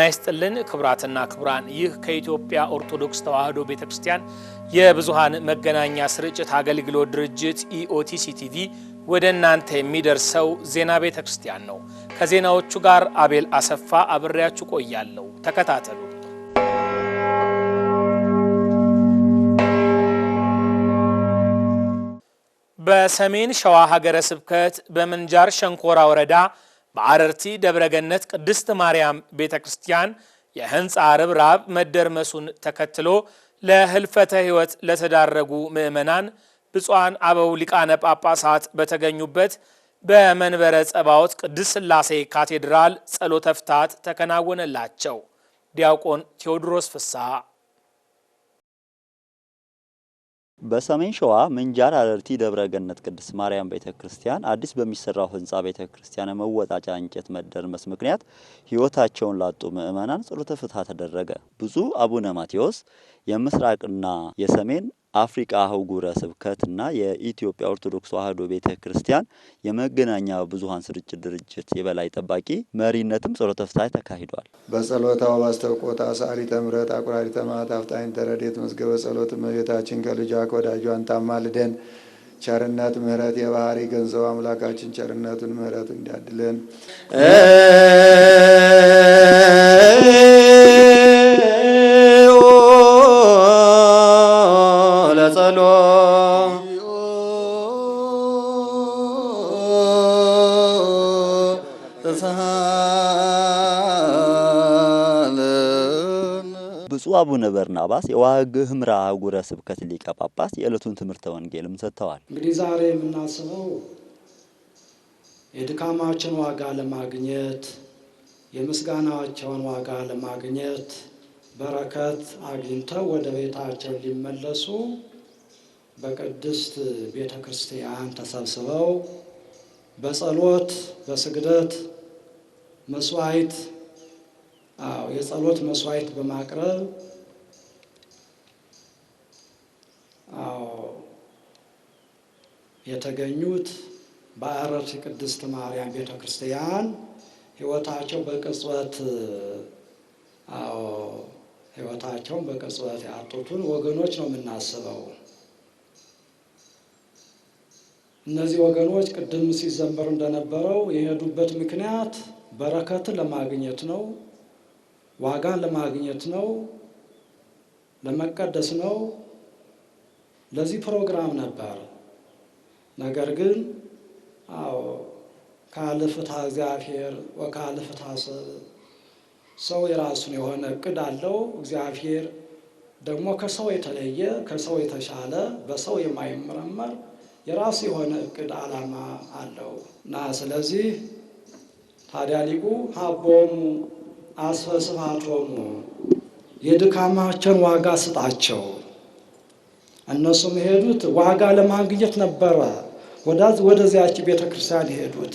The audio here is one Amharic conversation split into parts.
ጤና ይስጥልን ክብራትና ክብራን ይህ ከኢትዮጵያ ኦርቶዶክስ ተዋህዶ ቤተ ክርስቲያን የብዙሃን መገናኛ ስርጭት አገልግሎት ድርጅት ኢኦቲሲ e ቲቪ ወደ እናንተ የሚደርሰው ዜና ቤተ ክርስቲያን ነው። ከዜናዎቹ ጋር አቤል አሰፋ አብሬያችሁ ቆያለሁ። ተከታተሉ። በሰሜን ሸዋ ሀገረ ስብከት በምንጃር ሸንኮራ ወረዳ በአረርቲ ደብረገነት ቅድስት ማርያም ቤተ ክርስቲያን የህንፃ ርብራብ መደርመሱን ተከትሎ ለህልፈተ ሕይወት ለተዳረጉ ምዕመናን ብፁዓን አበው ሊቃነ ጳጳሳት በተገኙበት በመንበረ ጸባዖት ቅድስት ሥላሴ ካቴድራል ጸሎተ ተከናወነላቸው። ዲያቆን ቴዎድሮስ ፍስሐ በሰሜን ሸዋ ምንጃር አረርቲ ደብረ ገነት ቅድስት ማርያም ቤተ ክርስቲያን አዲስ በሚሰራው ህንፃ ቤተ ክርስቲያን መወጣጫ እንጨት መደርመስ ምክንያት ህይወታቸውን ላጡ ምዕመናን ጸሎተ ፍትሐ ተደረገ። ብፁዕ አቡነ ማቴዎስ የምስራቅና የሰሜን አፍሪቃ አህጉረ እና የኢትዮጵያ ኦርቶዶክስ ተዋሕዶ ቤተ ክርስቲያን የመገናኛ ብዙኃን ስርጭት ድርጅት የበላይ ጠባቂ መሪነትም ጸሎተ ፍትሐ ተካሂዷል። በጸሎታ በስተቆጣ ሳሪ ተምረት አቁራሪ ተማት አፍጣኝ ተረዴት መዝገበ ጸሎት እመቤታችን ከልጇ ከወዳጇን ታማልደን ልደን ቸርነት ምሕረት የባህሪ ገንዘብ አምላካችን ቸርነቱን ምሕረቱ እንዲያድለን በርናባስ የዋግ ህምራ አህጉረ ስብከት ሊቀ ጳጳስ የዕለቱን ትምህርተ ወንጌልም ሰጥተዋል። እንግዲህ ዛሬ የምናስበው የድካማችን ዋጋ ለማግኘት የምስጋናቸውን ዋጋ ለማግኘት በረከት አግኝተው ወደ ቤታቸው ሊመለሱ በቅድስት ቤተ ክርስቲያን ተሰብስበው በጸሎት በስግደት መስዋዕት የጸሎት መስዋዕት በማቅረብ አዎ የተገኙት በአረርቲ ቅድስት ማርያም ቤተ ክርስቲያን ሕይወታቸው በቅጽበት አዎ ሕይወታቸውን በቅጽበት ያጡትን ወገኖች ነው የምናስበው። እነዚህ ወገኖች ቅድም ሲዘመር እንደነበረው የሄዱበት ምክንያት በረከትን ለማግኘት ነው፣ ዋጋን ለማግኘት ነው፣ ለመቀደስ ነው። ለዚህ ፕሮግራም ነበር። ነገር ግን አዎ ካለ ፍትሐ እግዚአብሔር ወካለ ፍትሐ ሰው የራሱን የሆነ እቅድ አለው። እግዚአብሔር ደግሞ ከሰው የተለየ ከሰው የተሻለ በሰው የማይመረመር የራሱ የሆነ እቅድ ዓላማ አለው እና ስለዚህ ታዲያ ሊቁ ሀቦሙ አስፈስፋቶሙ የድካማቸውን ዋጋ ስጣቸው እነሱ የሄዱት ዋጋ ለማግኘት ነበረ ወደዚያች ቤተ ክርስቲያን የሄዱት።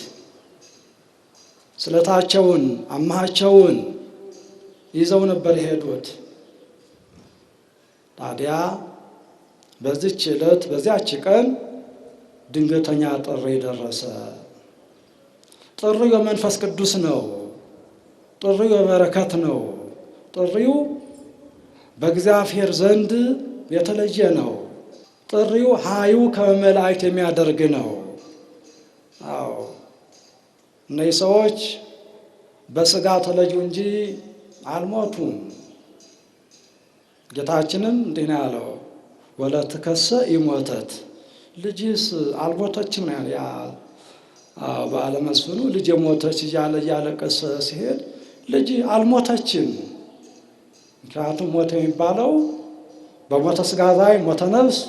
ስለታቸውን አማቸውን ይዘው ነበር የሄዱት። ታዲያ በዚች ዕለት በዚያች ቀን ድንገተኛ ጥሪ ደረሰ። ጥሪው የመንፈስ ቅዱስ ነው። ጥሪው የበረከት ነው። ጥሪው በእግዚአብሔር ዘንድ የተለየ ነው። ጥሪው ሀዩ ከመላእክት የሚያደርግ ነው። አዎ እነዚህ ሰዎች በስጋ ተለዩ እንጂ አልሞቱም። ጌታችንም እንዲህ ነው ያለው፣ ወለትከሰ ይሞተት ልጅስ አልሞተችም ነው ያ በዓለ ልጅ የሞተች እያለ እያለቀሰ ሲሄድ ልጅ አልሞተችም። ምክንያቱም ሞት የሚባለው በሞተ ስጋ ላይ ሞተ ነፍስ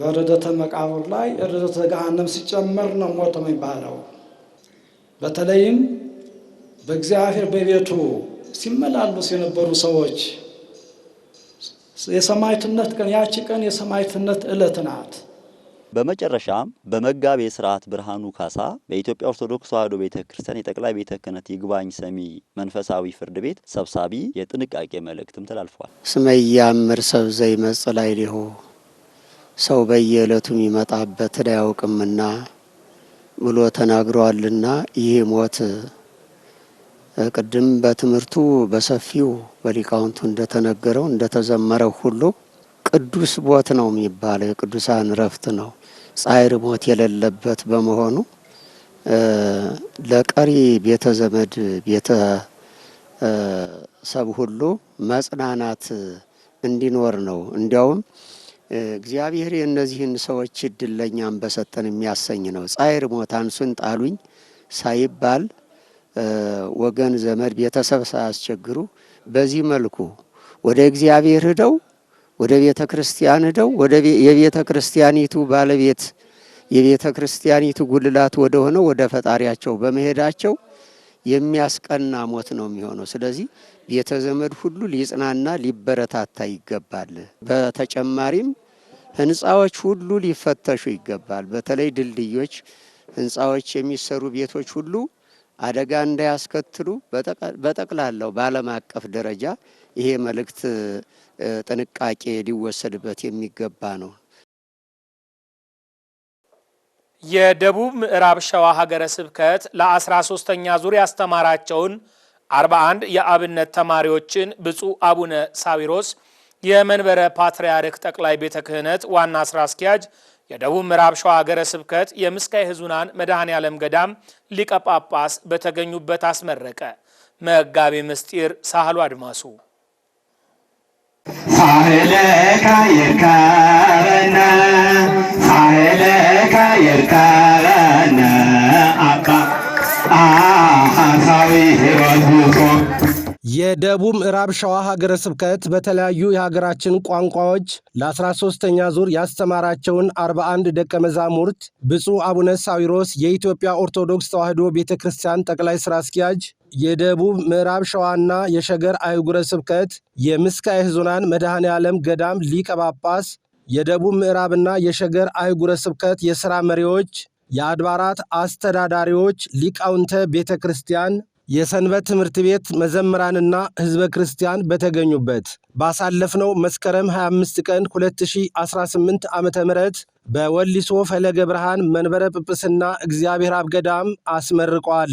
በርደተ መቃብር ላይ ርደተ ገሃነም ሲጨመር ነው ሞት የሚባለው። በተለይም በእግዚአብሔር በቤቱ ሲመላሉስ የነበሩ ሰዎች የሰማዕትነት ቀን ያቺ ቀን የሰማዕትነት ዕለት ናት። በመጨረሻም በመጋቤ ስርዓት ብርሃኑ ካሳ በኢትዮጵያ ኦርቶዶክስ ተዋሕዶ ቤተ ክርስቲያን የጠቅላይ ቤተ ክህነት ይግባኝ ሰሚ መንፈሳዊ ፍርድ ቤት ሰብሳቢ የጥንቃቄ መልእክትም ተላልፏል። ስመያምር ኢያእምር ሰብእ ዘይመጽእ ላዕሌሁ ሰው በየዕለቱ የሚመጣበትን አያውቅምና ብሎ ተናግረዋልና ይህ ሞት ቅድም በትምህርቱ በሰፊው በሊቃውንቱ እንደተነገረው እንደተዘመረው ሁሉ ቅዱስ ቦት ነው የሚባለው፣ የቅዱሳን እረፍት ነው። ጻይር ሞት የሌለበት በመሆኑ ለቀሪ ቤተ ዘመድ ቤተ ሰብ ሁሉ መጽናናት እንዲኖር ነው። እንዲያውም እግዚአብሔር የእነዚህን ሰዎች እድል ለእኛም በሰጠን የሚያሰኝ ነው። ጻይር ሞታንሱን ጣሉኝ ሳይባል ወገን ዘመድ ቤተሰብ ሳያስቸግሩ በዚህ መልኩ ወደ እግዚአብሔር ሂደው ወደ ቤተ ክርስቲያን ሂደው ወደ የቤተ ክርስቲያኒቱ ባለቤት የቤተ ክርስቲያኒቱ ጉልላት ወደ ሆነው ወደ ፈጣሪያቸው በመሄዳቸው የሚያስቀና ሞት ነው የሚሆነው። ስለዚህ ቤተ ዘመድ ሁሉ ሊጽናና ሊበረታታ ይገባል። በተጨማሪም ህንፃዎች ሁሉ ሊፈተሹ ይገባል። በተለይ ድልድዮች፣ ህንፃዎች፣ የሚሰሩ ቤቶች ሁሉ አደጋ እንዳያስከትሉ በጠቅላላው በዓለም አቀፍ ደረጃ ይሄ መልእክት ጥንቃቄ ሊወሰድበት የሚገባ ነው። የደቡብ ምዕራብ ሸዋ ሀገረ ስብከት ለ13ኛ ዙር ያስተማራቸውን 41 የአብነት ተማሪዎችን ብፁዕ አቡነ ሳዊሮስ የመንበረ ፓትርያርክ ጠቅላይ ቤተ ክህነት ዋና ስራ አስኪያጅ የደቡብ ምዕራብ ሸዋ ሀገረ ስብከት የምስካየ ኅዙናን መድኃኔ ዓለም ገዳም ሊቀ ጳጳስ በተገኙበት አስመረቀ። መጋቢ ምስጢር ሳህሉ አድማሱ የደቡብ ምዕራብ ሸዋ ሀገረ ስብከት በተለያዩ የሀገራችን ቋንቋዎች ለ13ተኛ ዙር ያስተማራቸውን 41 ደቀ መዛሙርት ብፁዕ አቡነ ሳዊሮስ የኢትዮጵያ ኦርቶዶክስ ተዋሕዶ ቤተ ክርስቲያን ጠቅላይ ሥራ አስኪያጅ የደቡብ ምዕራብ ሸዋና የሸገር አህጉረ ስብከት የምስካየ ኅዙናን መድኃኔ ዓለም ገዳም ሊቀ ጳጳስ፣ የደቡብ ምዕራብና የሸገር አህጉረ ስብከት የሥራ መሪዎች፣ የአድባራት አስተዳዳሪዎች፣ ሊቃውንተ ቤተ ክርስቲያን የሰንበት ትምህርት ቤት መዘምራንና ህዝበ ክርስቲያን በተገኙበት ባሳለፍነው መስከረም 25 ቀን 2018 ዓ ም በወሊሶ ፈለገ ብርሃን መንበረ ጵጵስና እግዚአብሔር አብ ገዳም አስመርቋል።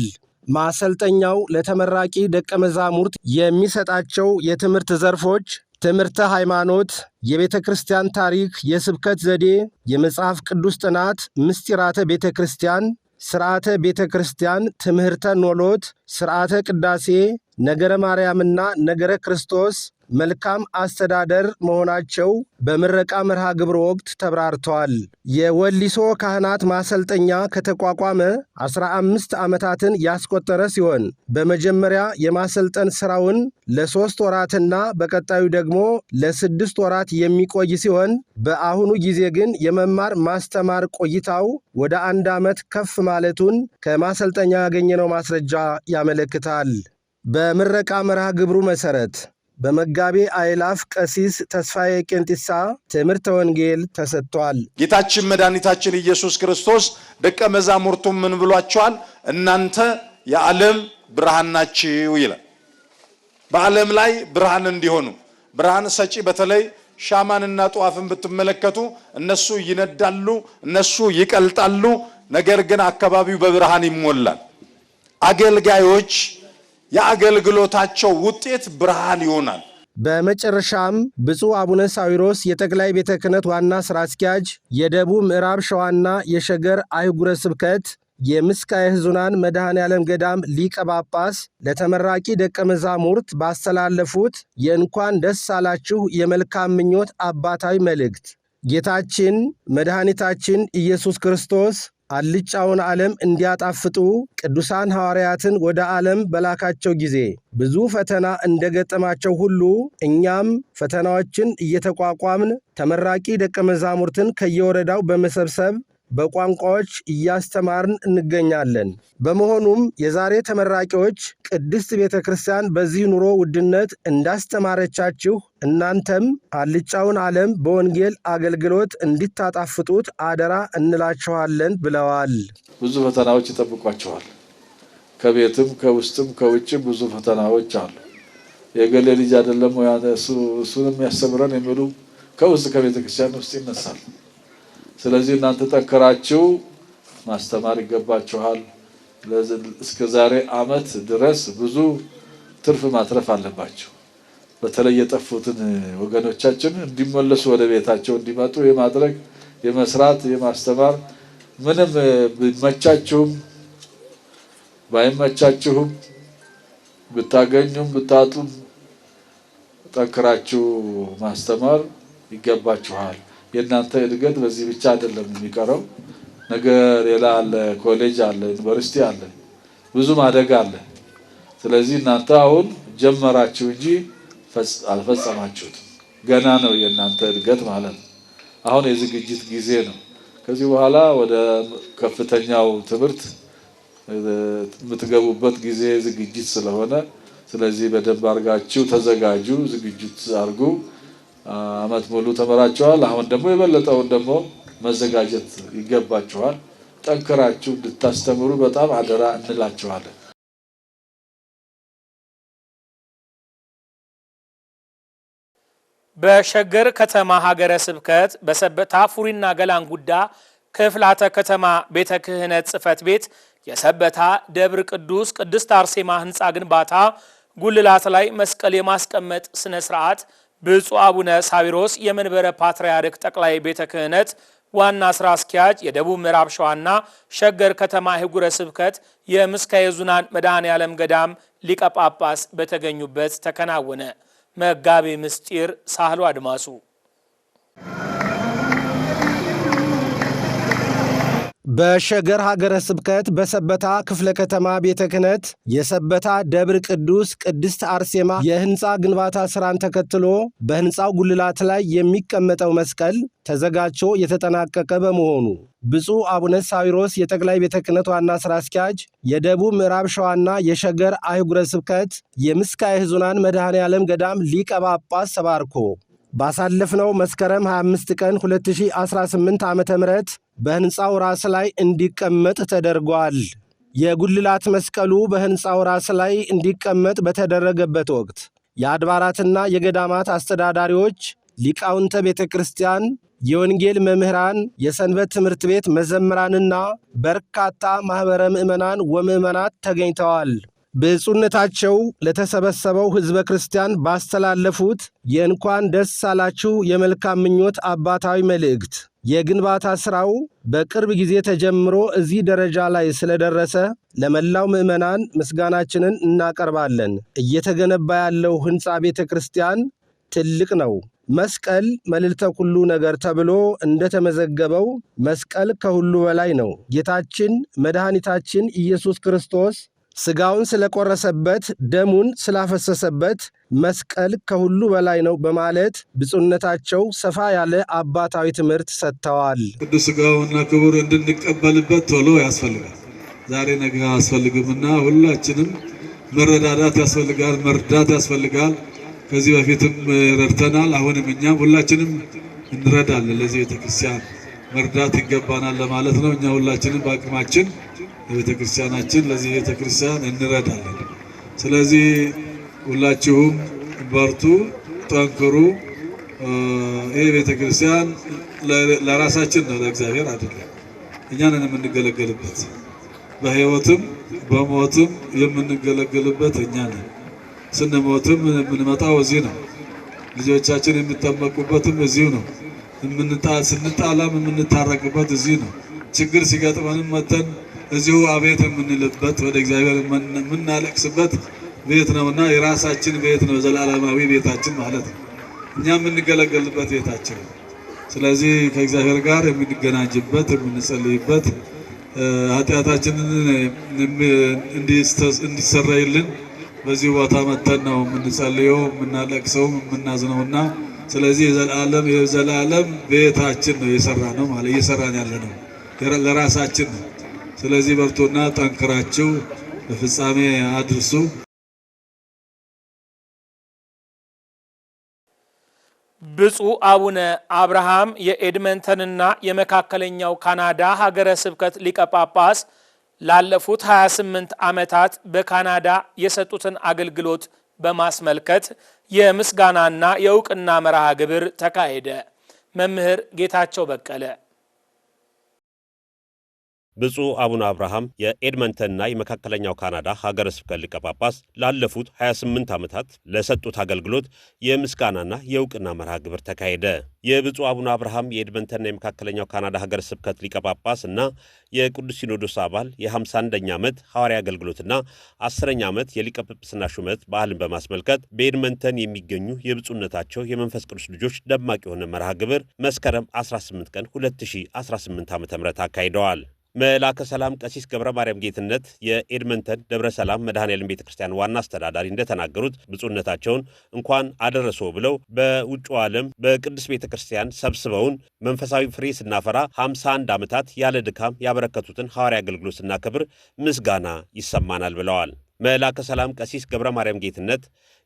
ማሰልጠኛው ለተመራቂ ደቀ መዛሙርት የሚሰጣቸው የትምህርት ዘርፎች ትምህርተ ሃይማኖት፣ የቤተ ክርስቲያን ታሪክ፣ የስብከት ዘዴ፣ የመጽሐፍ ቅዱስ ጥናት፣ ምስጢራተ ቤተ ክርስቲያን ስርዓተ ቤተ ክርስቲያን፣ ትምህርተ ኖሎት፣ ስርዓተ ቅዳሴ፣ ነገረ ማርያምና ነገረ ክርስቶስ መልካም አስተዳደር መሆናቸው በምረቃ መርሃ ግብር ወቅት ተብራርተዋል። የወሊሶ ካህናት ማሰልጠኛ ከተቋቋመ 15 ዓመታትን ያስቆጠረ ሲሆን በመጀመሪያ የማሰልጠን ሥራውን ለሦስት ወራትና በቀጣዩ ደግሞ ለስድስት ወራት የሚቆይ ሲሆን በአሁኑ ጊዜ ግን የመማር ማስተማር ቆይታው ወደ አንድ ዓመት ከፍ ማለቱን ከማሰልጠኛ ያገኘነው ማስረጃ ያመለክታል። በምረቃ መርሃ ግብሩ መሠረት በመጋቢ አይላፍ ቀሲስ ተስፋዬ ቄንጢሳ ትምህርተ ወንጌል ተሰጥቷል። ጌታችን መድኃኒታችን ኢየሱስ ክርስቶስ ደቀ መዛሙርቱም ምን ብሏቸዋል? እናንተ የዓለም ብርሃን ናችሁ ይላል። በዓለም ላይ ብርሃን እንዲሆኑ ብርሃን ሰጪ በተለይ ሻማንና ጧፍን ብትመለከቱ እነሱ ይነዳሉ፣ እነሱ ይቀልጣሉ። ነገር ግን አካባቢው በብርሃን ይሞላል። አገልጋዮች የአገልግሎታቸው ውጤት ብርሃን ይሆናል። በመጨረሻም ብፁዕ አቡነ ሳዊሮስ የጠቅላይ ቤተ ክህነት ዋና ሥራ አስኪያጅ የደቡብ ምዕራብ ሸዋና የሸገር አህጉረ ስብከት የምስካየ ኅዙናን መድኃኔ ዓለም ገዳም ሊቀ ጳጳስ ለተመራቂ ደቀ መዛሙርት ባስተላለፉት የእንኳን ደስ አላችሁ የመልካም ምኞት አባታዊ መልእክት ጌታችን መድኃኒታችን ኢየሱስ ክርስቶስ አልጫውን ዓለም እንዲያጣፍጡ ቅዱሳን ሐዋርያትን ወደ ዓለም በላካቸው ጊዜ ብዙ ፈተና እንደገጠማቸው ሁሉ እኛም ፈተናዎችን እየተቋቋምን ተመራቂ ደቀ መዛሙርትን ከየወረዳው በመሰብሰብ በቋንቋዎች እያስተማርን እንገኛለን። በመሆኑም የዛሬ ተመራቂዎች ቅድስት ቤተ ክርስቲያን በዚህ ኑሮ ውድነት እንዳስተማረቻችሁ እናንተም አልጫውን ዓለም በወንጌል አገልግሎት እንዲታጣፍጡት አደራ እንላችኋለን ብለዋል። ብዙ ፈተናዎች ይጠብቋችኋል። ከቤትም ከውስጥም ከውጭ ብዙ ፈተናዎች አሉ። የገሌ ልጅ አይደለም እሱንም ያስተምረን የሚሉ ከውስጥ ከቤተ ክርስቲያን ውስጥ ይነሳል። ስለዚህ እናንተ ጠንከራችሁ ማስተማር ይገባችኋል። እስከ ዛሬ አመት ድረስ ብዙ ትርፍ ማትረፍ አለባቸው። በተለይ የጠፉትን ወገኖቻችን እንዲመለሱ ወደ ቤታቸው እንዲመጡ የማድረግ የመስራት የማስተማር ምንም ቢመቻችሁም ባይመቻችሁም ብታገኙም ብታጡም ጠንክራችሁ ማስተማር ይገባችኋል። የእናንተ እድገት በዚህ ብቻ አይደለም የሚቀረው። ነገ ሌላ አለ፣ ኮሌጅ አለ፣ ዩኒቨርሲቲ አለ፣ ብዙ ማደግ አለ። ስለዚህ እናንተ አሁን ጀመራችሁ እንጂ አልፈጸማችሁትም። ገና ነው የእናንተ እድገት ማለት ነው። አሁን የዝግጅት ጊዜ ነው። ከዚህ በኋላ ወደ ከፍተኛው ትምህርት የምትገቡበት ጊዜ ዝግጅት ስለሆነ ስለዚህ በደንብ አድርጋችሁ ተዘጋጁ፣ ዝግጅት አድርጉ። አመት ሙሉ ተመራችኋል። አሁን ደግሞ የበለጠውን ደግሞ መዘጋጀት ይገባችኋል። ጠንክራችሁ እንድታስተምሩ በጣም አደራ እንላችኋለን። በሸገር ከተማ ሀገረ ስብከት በሰበታ ፉሪና ጉዳ ክፍላተ ከተማ ቤተ ክህነት ጽሕፈት ቤት የሰበታ ደብር ቅዱስ ቅድስት አርሴማ ህንፃ ግንባታ ጉልላት ላይ መስቀል የማስቀመጥ ስነ ስርዓት ብፁዕ አቡነ ሳዊሮስ የመንበረ ፓትርያርክ ጠቅላይ ቤተ ክህነት ዋና ስራ አስኪያጅ የደቡብ ምዕራብ ሸዋና ሸገር ከተማ ህጉረ ስብከት የምስካየ ኅዙናን መድኃኔ ዓለም ገዳም ሊቀ ጳጳስ በተገኙበት ተከናወነ። መጋቤ ምስጢር ሳህሉ አድማሱ በሸገር ሀገረ ስብከት በሰበታ ክፍለ ከተማ ቤተ ክህነት የሰበታ ደብር ቅዱስ ቅድስት አርሴማ የህንፃ ግንባታ ስራን ተከትሎ በህንፃው ጉልላት ላይ የሚቀመጠው መስቀል ተዘጋጅቶ የተጠናቀቀ በመሆኑ ብፁዕ አቡነ ሳዊሮስ የጠቅላይ ቤተ ክህነት ዋና ስራ አስኪያጅ የደቡብ ምዕራብ ሸዋና የሸገር አህጉረ ስብከት የምስካየ ሕዙናን መድኃኔ ዓለም ገዳም ሊቀ ጳጳስ ሰባርኮ ባሳለፍነው መስከረም 25 ቀን 2018 ዓ ም በሕንፃው ራስ ላይ እንዲቀመጥ ተደርጓል። የጉልላት መስቀሉ በሕንፃው ራስ ላይ እንዲቀመጥ በተደረገበት ወቅት የአድባራትና የገዳማት አስተዳዳሪዎች፣ ሊቃውንተ ቤተ ክርስቲያን፣ የወንጌል መምህራን፣ የሰንበት ትምህርት ቤት መዘምራንና በርካታ ማኅበረ ምዕመናን ወምዕመናት ተገኝተዋል። ብፁዕነታቸው ለተሰበሰበው ሕዝበ ክርስቲያን ባስተላለፉት የእንኳን ደስ አላችሁ የመልካም ምኞት አባታዊ መልእክት የግንባታ ስራው በቅርብ ጊዜ ተጀምሮ እዚህ ደረጃ ላይ ስለደረሰ ለመላው ምዕመናን ምስጋናችንን እናቀርባለን። እየተገነባ ያለው ህንፃ ቤተ ክርስቲያን ትልቅ ነው። መስቀል መልዕልተ ኩሉ ነገር ተብሎ እንደተመዘገበው መስቀል ከሁሉ በላይ ነው። ጌታችን መድኃኒታችን ኢየሱስ ክርስቶስ ሥጋውን ስለቆረሰበት ደሙን ስላፈሰሰበት መስቀል ከሁሉ በላይ ነው በማለት ብፁዕነታቸው ሰፋ ያለ አባታዊ ትምህርት ሰጥተዋል። ቅዱስ ሥጋውና ክቡር እንድንቀበልበት ቶሎ ያስፈልጋል። ዛሬ ነገ አያስፈልግምና ሁላችንም መረዳዳት ያስፈልጋል፣ መርዳት ያስፈልጋል። ከዚህ በፊትም ረድተናል። አሁንም እኛም ሁላችንም እንረዳለን። ለዚህ ቤተክርስቲያን መርዳት ይገባናል ለማለት ነው። እኛ ሁላችንም በአቅማችን ቤተ ክርስቲያናችን ለዚህ ቤተ ክርስቲያን እንረዳለን። ስለዚህ ሁላችሁም በርቱ፣ ጠንክሩ። ይህ ቤተ ክርስቲያን ለራሳችን ነው፣ ለእግዚአብሔር አይደለም። እኛንን የምንገለገልበት በህይወትም በሞትም የምንገለገልበት እኛ ነን። ስንሞትም የምንመጣው እዚህ ነው። ልጆቻችን የሚጠመቁበትም እዚሁ ነው። ስንጣላም የምንታረቅበት እዚህ ነው። ችግር ሲገጥመንም መተን እዚሁ አቤት የምንልበት ወደ እግዚአብሔር የምናለቅስበት ቤት ነውና የራሳችን ቤት ነው፣ ዘላለማዊ ቤታችን ማለት ነው። እኛ የምንገለገልበት ቤታችን ነው። ስለዚህ ከእግዚአብሔር ጋር የምንገናኝበት የምንጸልይበት ኃጢአታችንን እንዲሰረይልን በዚህ ቦታ መተን ነው የምንጸልየው የምናለቅሰው የምናዝነውና ስለዚህ የዘላለም የዘላለም ቤታችን ነው የሰራ ነው ማለት እየሰራን ያለ ነው ለራሳችን ነው። ስለዚህ በርቱና ጠንክራችሁ በፍጻሜ አድርሱ። ብፁዕ አቡነ አብርሃም የኤድመንተንና የመካከለኛው ካናዳ ሀገረ ስብከት ሊቀ ጳጳስ ላለፉት 28 ዓመታት በካናዳ የሰጡትን አገልግሎት በማስመልከት የምስጋናና የእውቅና መርሃ ግብር ተካሄደ። መምህር ጌታቸው በቀለ ብፁዕ አቡነ አብርሃም የኤድመንተንና የመካከለኛው ካናዳ ሀገረ ስብከት ሊቀ ጳጳስ ላለፉት 28 ዓመታት ለሰጡት አገልግሎት የምስጋናና የእውቅና መርሃ ግብር ተካሄደ። የብፁዕ አቡነ አብርሃም የኤድመንተንና የመካከለኛው ካናዳ ሀገረ ስብከት ሊቀ ጳጳስ እና የቅዱስ ሲኖዶስ አባል የ51ኛ ዓመት ሐዋርያ አገልግሎትና 10ኛ ዓመት የሊቀ ጵጵስና ሹመት በዓልን በማስመልከት በኤድመንተን የሚገኙ የብፁዕነታቸው የመንፈስ ቅዱስ ልጆች ደማቅ የሆነ መርሃ ግብር መስከረም 18 ቀን 2018 ዓ ም አካሂደዋል። መላከ ሰላም ቀሲስ ገብረ ማርያም ጌትነት የኤድመንተን ደብረ ሰላም መድኃኔዓለም ቤተ ክርስቲያን ዋና አስተዳዳሪ እንደተናገሩት ብፁዕነታቸውን እንኳን አደረሶ ብለው በውጩ ዓለም በቅዱስ ቤተ ክርስቲያን ሰብስበውን መንፈሳዊ ፍሬ ስናፈራ 51 ዓመታት ያለ ድካም ያበረከቱትን ሐዋርያ አገልግሎት ስናከብር ምስጋና ይሰማናል ብለዋል። መላከ ሰላም ቀሲስ ገብረ ማርያም ጌትነት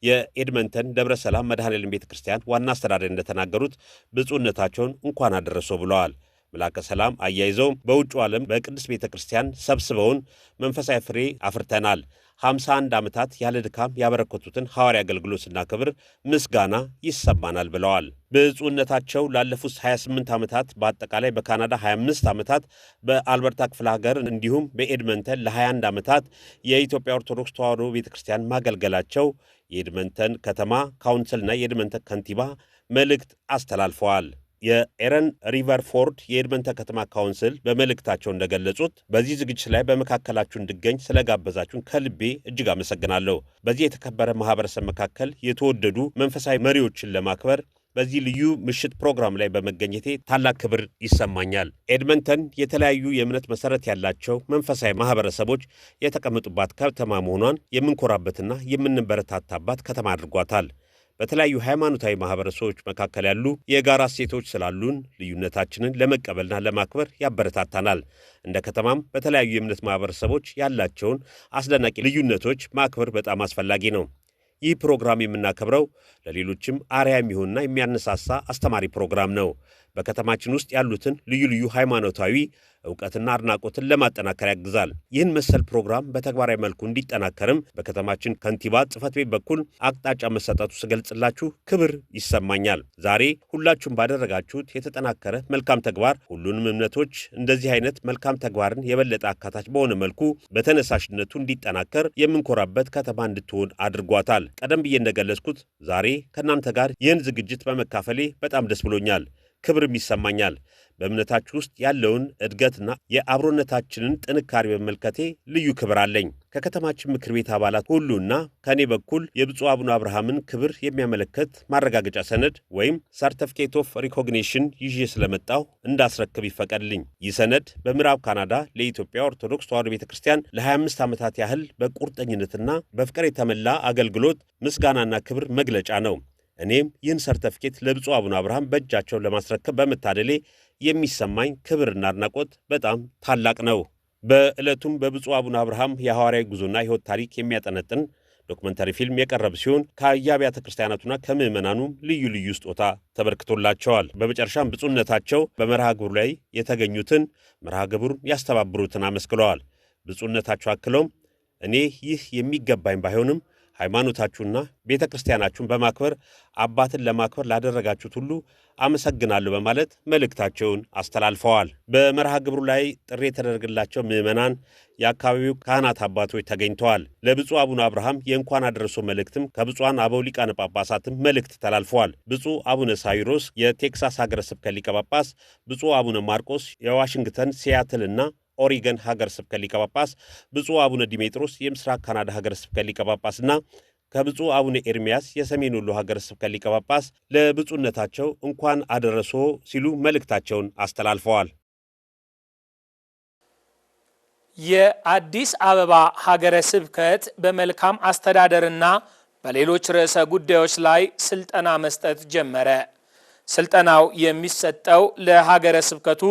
የኤድመንተን ደብረ ሰላም መድኃኔዓለም ቤተ ክርስቲያን ዋና አስተዳዳሪ እንደተናገሩት ብፁዕነታቸውን እንኳን አደረሶ ብለዋል። መላከ ሰላም አያይዘው በውጭ ዓለም በቅዱስ ቤተ ክርስቲያን ሰብስበውን መንፈሳዊ ፍሬ አፍርተናል። 51 ዓመታት ያለ ድካም ያበረከቱትን ሐዋርያ አገልግሎትና ክብር ምስጋና ይሰማናል ብለዋል። ብፁዕነታቸው ላለፉት 28 ዓመታት በአጠቃላይ በካናዳ 25 ዓመታት፣ በአልበርታ ክፍለ ሀገር እንዲሁም በኤድመንተን ለ21 ዓመታት የኢትዮጵያ ኦርቶዶክስ ተዋሕዶ ቤተ ክርስቲያን ማገልገላቸው የኤድመንተን ከተማ ካውንስልና የኤድመንተን ከንቲባ መልእክት አስተላልፈዋል። የኤረን ሪቨርፎርድ የኤድመንተን ከተማ ካውንስል በመልእክታቸው እንደገለጹት በዚህ ዝግጅት ላይ በመካከላችሁ እንድገኝ ስለጋበዛችሁን ከልቤ እጅግ አመሰግናለሁ። በዚህ የተከበረ ማህበረሰብ መካከል የተወደዱ መንፈሳዊ መሪዎችን ለማክበር በዚህ ልዩ ምሽት ፕሮግራም ላይ በመገኘቴ ታላቅ ክብር ይሰማኛል። ኤድመንተን የተለያዩ የእምነት መሰረት ያላቸው መንፈሳዊ ማህበረሰቦች የተቀመጡባት ከተማ መሆኗን የምንኮራበትና የምንበረታታባት ከተማ አድርጓታል። በተለያዩ ሃይማኖታዊ ማህበረሰቦች መካከል ያሉ የጋራ እሴቶች ስላሉን ልዩነታችንን ለመቀበልና ለማክበር ያበረታታናል። እንደ ከተማም በተለያዩ የእምነት ማህበረሰቦች ያላቸውን አስደናቂ ልዩነቶች ማክበር በጣም አስፈላጊ ነው። ይህ ፕሮግራም የምናከብረው ለሌሎችም አርያ የሚሆንና የሚያነሳሳ አስተማሪ ፕሮግራም ነው። በከተማችን ውስጥ ያሉትን ልዩ ልዩ ሃይማኖታዊ እውቀትና አድናቆትን ለማጠናከር ያግዛል። ይህን መሰል ፕሮግራም በተግባራዊ መልኩ እንዲጠናከርም በከተማችን ከንቲባ ጽፈት ቤት በኩል አቅጣጫ መሰጠቱ ስገልጽላችሁ ክብር ይሰማኛል። ዛሬ ሁላችሁም ባደረጋችሁት የተጠናከረ መልካም ተግባር ሁሉንም እምነቶች እንደዚህ አይነት መልካም ተግባርን የበለጠ አካታች በሆነ መልኩ በተነሳሽነቱ እንዲጠናከር የምንኮራበት ከተማ እንድትሆን አድርጓታል። ቀደም ብዬ እንደገለጽኩት ዛሬ ከእናንተ ጋር ይህን ዝግጅት በመካፈሌ በጣም ደስ ብሎኛል፣ ክብርም ይሰማኛል። በእምነታችሁ ውስጥ ያለውን እድገትና የአብሮነታችንን ጥንካሬ በመልከቴ ልዩ ክብር አለኝ። ከከተማችን ምክር ቤት አባላት ሁሉና ከእኔ በኩል የብፁዕ አቡነ አብርሃምን ክብር የሚያመለክት ማረጋገጫ ሰነድ ወይም ሰርተፍኬት ኦፍ ሪኮግኒሽን ይዤ ስለመጣሁ እንዳስረክብ ይፈቀድልኝ። ይህ ሰነድ በምዕራብ ካናዳ ለኢትዮጵያ ኦርቶዶክስ ተዋሕዶ ቤተ ክርስቲያን ለ25 ዓመታት ያህል በቁርጠኝነትና በፍቅር የተመላ አገልግሎት ምስጋናና ክብር መግለጫ ነው። እኔም ይህን ሰርተፍኬት ለብፁዕ አቡነ አብርሃም በእጃቸው ለማስረከብ በመታደሌ የሚሰማኝ ክብርና አድናቆት በጣም ታላቅ ነው። በዕለቱም በብፁዕ አቡነ አብርሃም የሐዋርያዊ ጉዞና ሕይወት ታሪክ የሚያጠነጥን ዶክመንታሪ ፊልም የቀረብ ሲሆን ከየአብያተ ክርስቲያናቱና ከምዕመናኑም ልዩ ልዩ ስጦታ ተበርክቶላቸዋል። በመጨረሻም ብፁዕነታቸው በመርሃ ግብሩ ላይ የተገኙትን መርሃ ግብሩን ያስተባብሩትን አመስክለዋል። ብፁዕነታቸው አክለውም እኔ ይህ የሚገባኝ ባይሆንም ሃይማኖታችሁና ቤተ ክርስቲያናችሁን በማክበር አባትን ለማክበር ላደረጋችሁት ሁሉ አመሰግናለሁ በማለት መልእክታቸውን አስተላልፈዋል። በመርሃ ግብሩ ላይ ጥሪ የተደረገላቸው ምዕመናን፣ የአካባቢው ካህናት አባቶች ተገኝተዋል። ለብፁዕ አቡነ አብርሃም የእንኳን አደረሶ መልእክትም ከብፁዓን አበው ሊቃነ ጳጳሳትም መልእክት ተላልፈዋል። ብፁዕ አቡነ ሳይሮስ የቴክሳስ ሀገረ ስብከት ሊቀ ጳጳስ፣ ብፁዕ አቡነ ማርቆስ የዋሽንግተን ሲያትልና ኦሪገን ሀገር ስብከት ሊቀ ጳጳስ፣ ብፁዕ አቡነ ዲሜጥሮስ የምስራቅ ካናዳ ሀገር ስብከት ሊቀ ጳጳስና ከብፁዕ አቡነ ኤርሚያስ የሰሜን ወሎ ሀገር ስብከት ሊቀ ጳጳስ ለብፁዕነታቸው እንኳን አደረሶ ሲሉ መልእክታቸውን አስተላልፈዋል። የአዲስ አበባ ሀገረ ስብከት በመልካም አስተዳደርና በሌሎች ርዕሰ ጉዳዮች ላይ ስልጠና መስጠት ጀመረ። ስልጠናው የሚሰጠው ለሀገረ ስብከቱ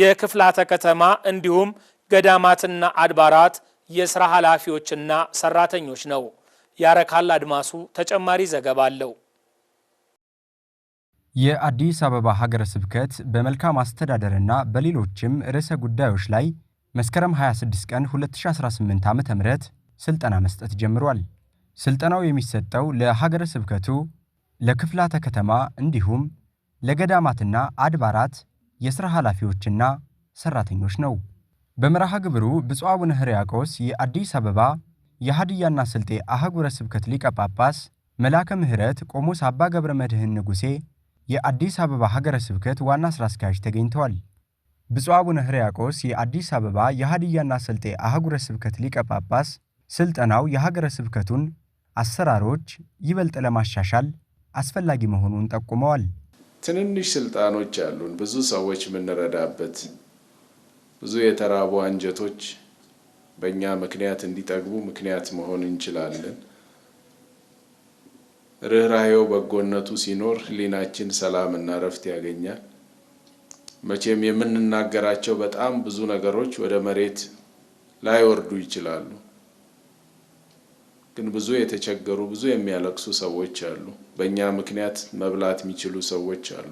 የክፍላተ ከተማ እንዲሁም ገዳማትና አድባራት የሥራ ኃላፊዎችና ሰራተኞች ነው። ያረካል አድማሱ ተጨማሪ ዘገባ አለው። የአዲስ አበባ ሀገረ ስብከት በመልካም አስተዳደርና በሌሎችም ርዕሰ ጉዳዮች ላይ መስከረም 26 ቀን 2018 ዓ ም ስልጠና መስጠት ጀምሯል። ስልጠናው የሚሰጠው ለሀገረ ስብከቱ፣ ለክፍላተ ከተማ እንዲሁም ለገዳማትና አድባራት የሥራ ኃላፊዎችና ሠራተኞች ነው። በመርሃ ግብሩ ብፁዕ አቡነ ሕርያቆስ የአዲስ አበባ የሀድያና ስልጤ አህጉረ ስብከት ሊቀ ጳጳስ፣ መላከ ምሕረት ቆሞስ አባ ገብረ መድኅን ንጉሴ የአዲስ አበባ ሀገረ ስብከት ዋና ሥራ አስኪያጅ ተገኝተዋል። ብፁዕ አቡነ ሕርያቆስ የአዲስ አበባ የሀድያና ስልጤ አህጉረ ስብከት ሊቀ ጳጳስ ስልጠናው የሀገረ ስብከቱን አሰራሮች ይበልጥ ለማሻሻል አስፈላጊ መሆኑን ጠቁመዋል። ትንንሽ ስልጣኖች አሉን፣ ብዙ ሰዎች የምንረዳበት፣ ብዙ የተራቡ አንጀቶች በእኛ ምክንያት እንዲጠግቡ ምክንያት መሆን እንችላለን። ርኅራኄው በጎነቱ ሲኖር ሕሊናችን ሰላም እና እረፍት ያገኛል። መቼም የምንናገራቸው በጣም ብዙ ነገሮች ወደ መሬት ላይወርዱ ይችላሉ። ግን ብዙ የተቸገሩ ብዙ የሚያለቅሱ ሰዎች አሉ። በእኛ ምክንያት መብላት የሚችሉ ሰዎች አሉ።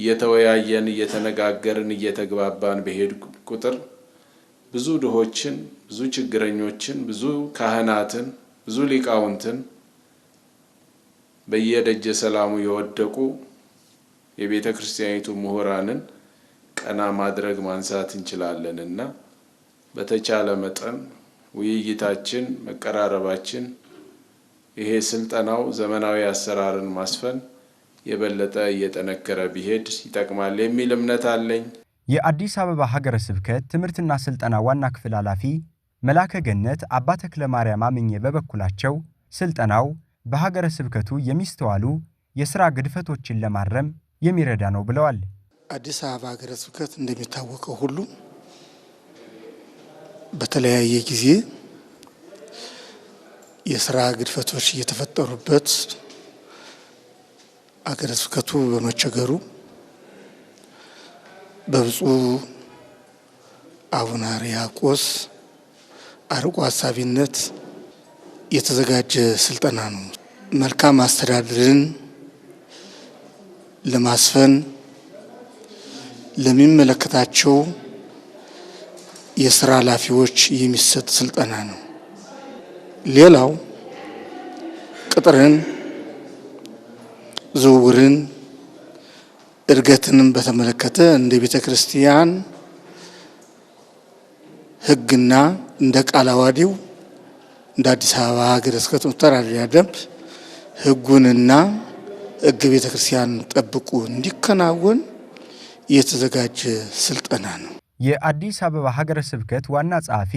እየተወያየን እየተነጋገርን እየተግባባን በሄድ ቁጥር ብዙ ድሆችን፣ ብዙ ችግረኞችን፣ ብዙ ካህናትን፣ ብዙ ሊቃውንትን በየደጀ ሰላሙ የወደቁ የቤተ ክርስቲያኒቱ ምሁራንን ቀና ማድረግ ማንሳት እንችላለን እና በተቻለ መጠን ውይይታችን፣ መቀራረባችን ይሄ ስልጠናው ዘመናዊ አሰራርን ማስፈን የበለጠ እየጠነከረ ቢሄድ ይጠቅማል የሚል እምነት አለኝ። የአዲስ አበባ ሀገረ ስብከት ትምህርትና ስልጠና ዋና ክፍል ኃላፊ መላከ ገነት አባ ተክለ ማርያም አምኜ በበኩላቸው ስልጠናው በሀገረ ስብከቱ የሚስተዋሉ የስራ ግድፈቶችን ለማረም የሚረዳ ነው ብለዋል። አዲስ አበባ ሀገረ ስብከት እንደሚታወቀው ሁሉ በተለያየ ጊዜ የስራ ግድፈቶች እየተፈጠሩበት አገረ ስብከቱ በመቸገሩ በብፁዕ አቡነ ሕርያቆስ አርቆ ሀሳቢነት የተዘጋጀ ስልጠና ነው። መልካም አስተዳደርን ለማስፈን ለሚመለከታቸው የስራ ኃላፊዎች የሚሰጥ ስልጠና ነው። ሌላው ቅጥርን፣ ዝውውርን፣ እድገትንም በተመለከተ እንደ ቤተ ክርስቲያን ሕግና እንደ ቃለ ዓዋዲው እንደ አዲስ አበባ ሀገረ ስብከት መተዳደሪያ ደንብ ሕጉንና ሕገ ቤተ ክርስቲያን ጠብቁ እንዲከናወን የተዘጋጀ ስልጠና ነው። የአዲስ አበባ ሀገረ ስብከት ዋና ጸሐፊ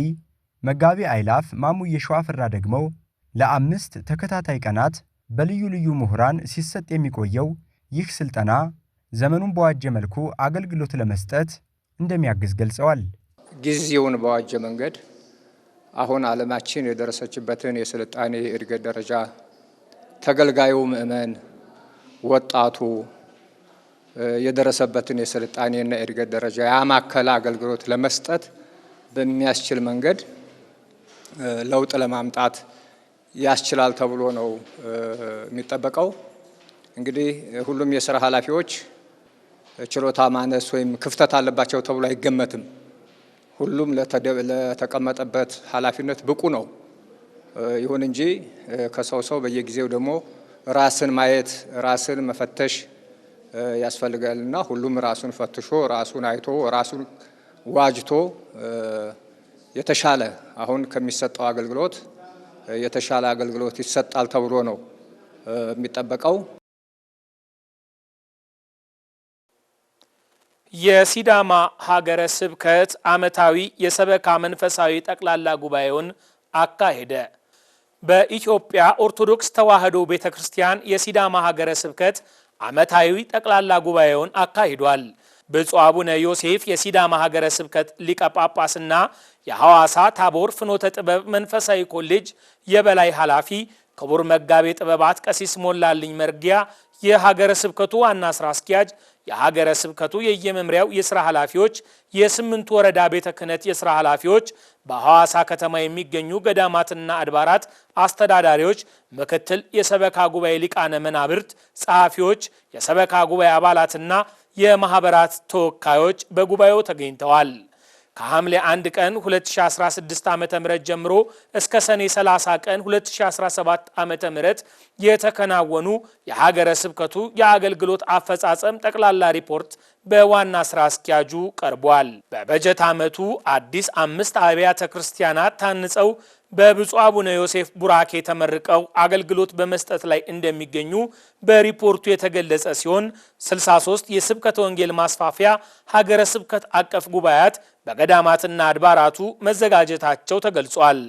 መጋቢ አይላፍ ማሙ የሸዋፍራ ደግሞ ለአምስት ተከታታይ ቀናት በልዩ ልዩ ምሁራን ሲሰጥ የሚቆየው ይህ ስልጠና ዘመኑን በዋጀ መልኩ አገልግሎት ለመስጠት እንደሚያግዝ ገልጸዋል። ጊዜውን በዋጀ መንገድ አሁን ዓለማችን የደረሰችበትን የስልጣኔ እድገት ደረጃ ተገልጋዩ ምዕመን፣ ወጣቱ የደረሰበትን የስልጣኔና የእድገት ደረጃ ያማከለ አገልግሎት ለመስጠት በሚያስችል መንገድ ለውጥ ለማምጣት ያስችላል ተብሎ ነው የሚጠበቀው። እንግዲህ ሁሉም የስራ ኃላፊዎች ችሎታ ማነስ ወይም ክፍተት አለባቸው ተብሎ አይገመትም። ሁሉም ለተቀመጠበት ኃላፊነት ብቁ ነው። ይሁን እንጂ ከሰው ሰው በየጊዜው ደግሞ ራስን ማየት ራስን መፈተሽ ያስፈልጋልና ሁሉም ራሱን ፈትሾ ራሱን አይቶ ራሱን ዋጅቶ የተሻለ አሁን ከሚሰጠው አገልግሎት የተሻለ አገልግሎት ይሰጣል ተብሎ ነው የሚጠበቀው። የሲዳማ ሀገረ ስብከት ዓመታዊ የሰበካ መንፈሳዊ ጠቅላላ ጉባኤውን አካሄደ። በኢትዮጵያ ኦርቶዶክስ ተዋሕዶ ቤተ ክርስቲያን የሲዳማ ሀገረ ስብከት ዓመታዊ ጠቅላላ ጉባኤውን አካሂዷል። ብፁዕ አቡነ ዮሴፍ የሲዳማ ሀገረ ስብከት ሊቀ ጳጳስና የሐዋሳ ታቦር ፍኖተ ጥበብ መንፈሳዊ ኮሌጅ የበላይ ኃላፊ ክቡር መጋቤ ጥበባት ቀሲስ ሞላልኝ መርጊያ የሀገረ ስብከቱ ዋና ስራ አስኪያጅ፣ የሀገረ ስብከቱ የየመምሪያው የስራ ኃላፊዎች፣ የስምንቱ ወረዳ ቤተ ክህነት የስራ ኃላፊዎች፣ በሐዋሳ ከተማ የሚገኙ ገዳማትና አድባራት አስተዳዳሪዎች፣ ምክትል የሰበካ ጉባኤ ሊቃነ መናብርት፣ ጸሐፊዎች፣ የሰበካ ጉባኤ አባላትና የማኅበራት ተወካዮች በጉባኤው ተገኝተዋል። ከሐምሌ 1 ቀን 2016 ዓ.ም ጀምሮ እስከ ሰኔ 30 ቀን 2017 ም የተከናወኑ የሀገረ ስብከቱ የአገልግሎት አፈጻጸም ጠቅላላ ሪፖርት በዋና ስራ አስኪያጁ ቀርቧል። በበጀት ዓመቱ አዲስ አምስት አብያተ ክርስቲያናት ታንጸው በብፁዕ አቡነ ዮሴፍ ቡራኬ ተመርቀው አገልግሎት በመስጠት ላይ እንደሚገኙ በሪፖርቱ የተገለጸ ሲሆን 63 የስብከተ ወንጌል ማስፋፊያ ሀገረ ስብከት አቀፍ ጉባኤያት በገዳማትና አድባራቱ መዘጋጀታቸው ተገልጿል።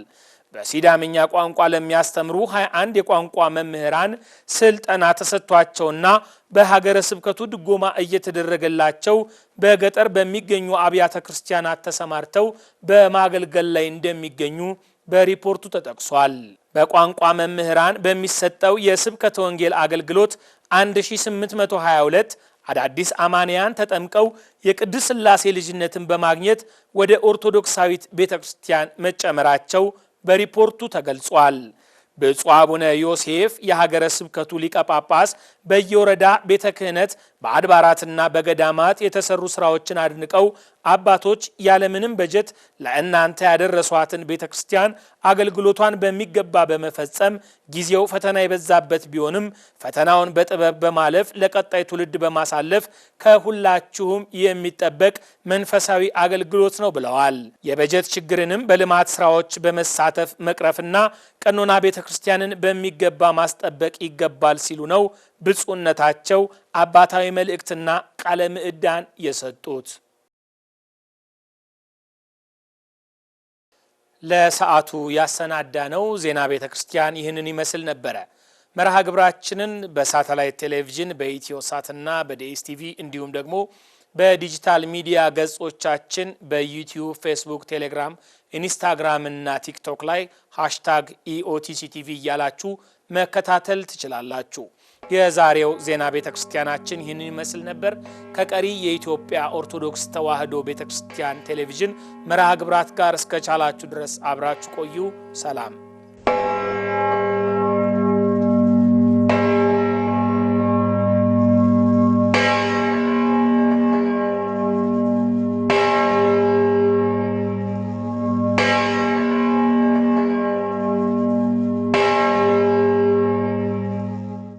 በሲዳምኛ ቋንቋ ለሚያስተምሩ 21 የቋንቋ መምህራን ስልጠና ተሰጥቷቸውና በሀገረ ስብከቱ ድጎማ እየተደረገላቸው በገጠር በሚገኙ አብያተ ክርስቲያናት ተሰማርተው በማገልገል ላይ እንደሚገኙ በሪፖርቱ ተጠቅሷል። በቋንቋ መምህራን በሚሰጠው የስብከተ ወንጌል አገልግሎት 1822 አዳዲስ አማንያን ተጠምቀው የቅዱስ ሥላሴ ልጅነትን በማግኘት ወደ ኦርቶዶክሳዊት ቤተ ክርስቲያን መጨመራቸው በሪፖርቱ ተገልጿል። ብፁዕ አቡነ ዮሴፍ የሀገረ ስብከቱ ሊቀ ጳጳስ በየወረዳ ቤተ ክህነት በአድባራትና በገዳማት የተሰሩ ስራዎችን አድንቀው አባቶች ያለምንም በጀት ለእናንተ ያደረሷትን ቤተ ክርስቲያን አገልግሎቷን በሚገባ በመፈጸም ጊዜው ፈተና የበዛበት ቢሆንም ፈተናውን በጥበብ በማለፍ ለቀጣይ ትውልድ በማሳለፍ ከሁላችሁም የሚጠበቅ መንፈሳዊ አገልግሎት ነው ብለዋል። የበጀት ችግርንም በልማት ስራዎች በመሳተፍ መቅረፍና ቀኖና ቤተ ክርስቲያንን በሚገባ ማስጠበቅ ይገባል ሲሉ ነው ብፁዕነታቸው አባታዊ መልእክትና ቃለ ምዕዳን የሰጡት። ለሰዓቱ ያሰናዳ ነው ዜና ቤተ ክርስቲያን ይህንን ይመስል ነበረ። መርሃ ግብራችንን በሳተላይት ቴሌቪዥን በኢትዮ ሳትና በዲኤስ ቲቪ እንዲሁም ደግሞ በዲጂታል ሚዲያ ገጾቻችን በዩቲዩብ፣ ፌስቡክ፣ ቴሌግራም፣ ኢንስታግራም እና ቲክቶክ ላይ ሃሽታግ ኢኦቲሲቲቪ እያላችሁ መከታተል ትችላላችሁ። የዛሬው ዜና ቤተ ክርስቲያናችን ይህንን ይመስል ነበር። ከቀሪ የኢትዮጵያ ኦርቶዶክስ ተዋህዶ ቤተ ክርስቲያን ቴሌቪዥን መርሃ ግብራት ጋር እስከ ቻላችሁ ድረስ አብራችሁ ቆዩ። ሰላም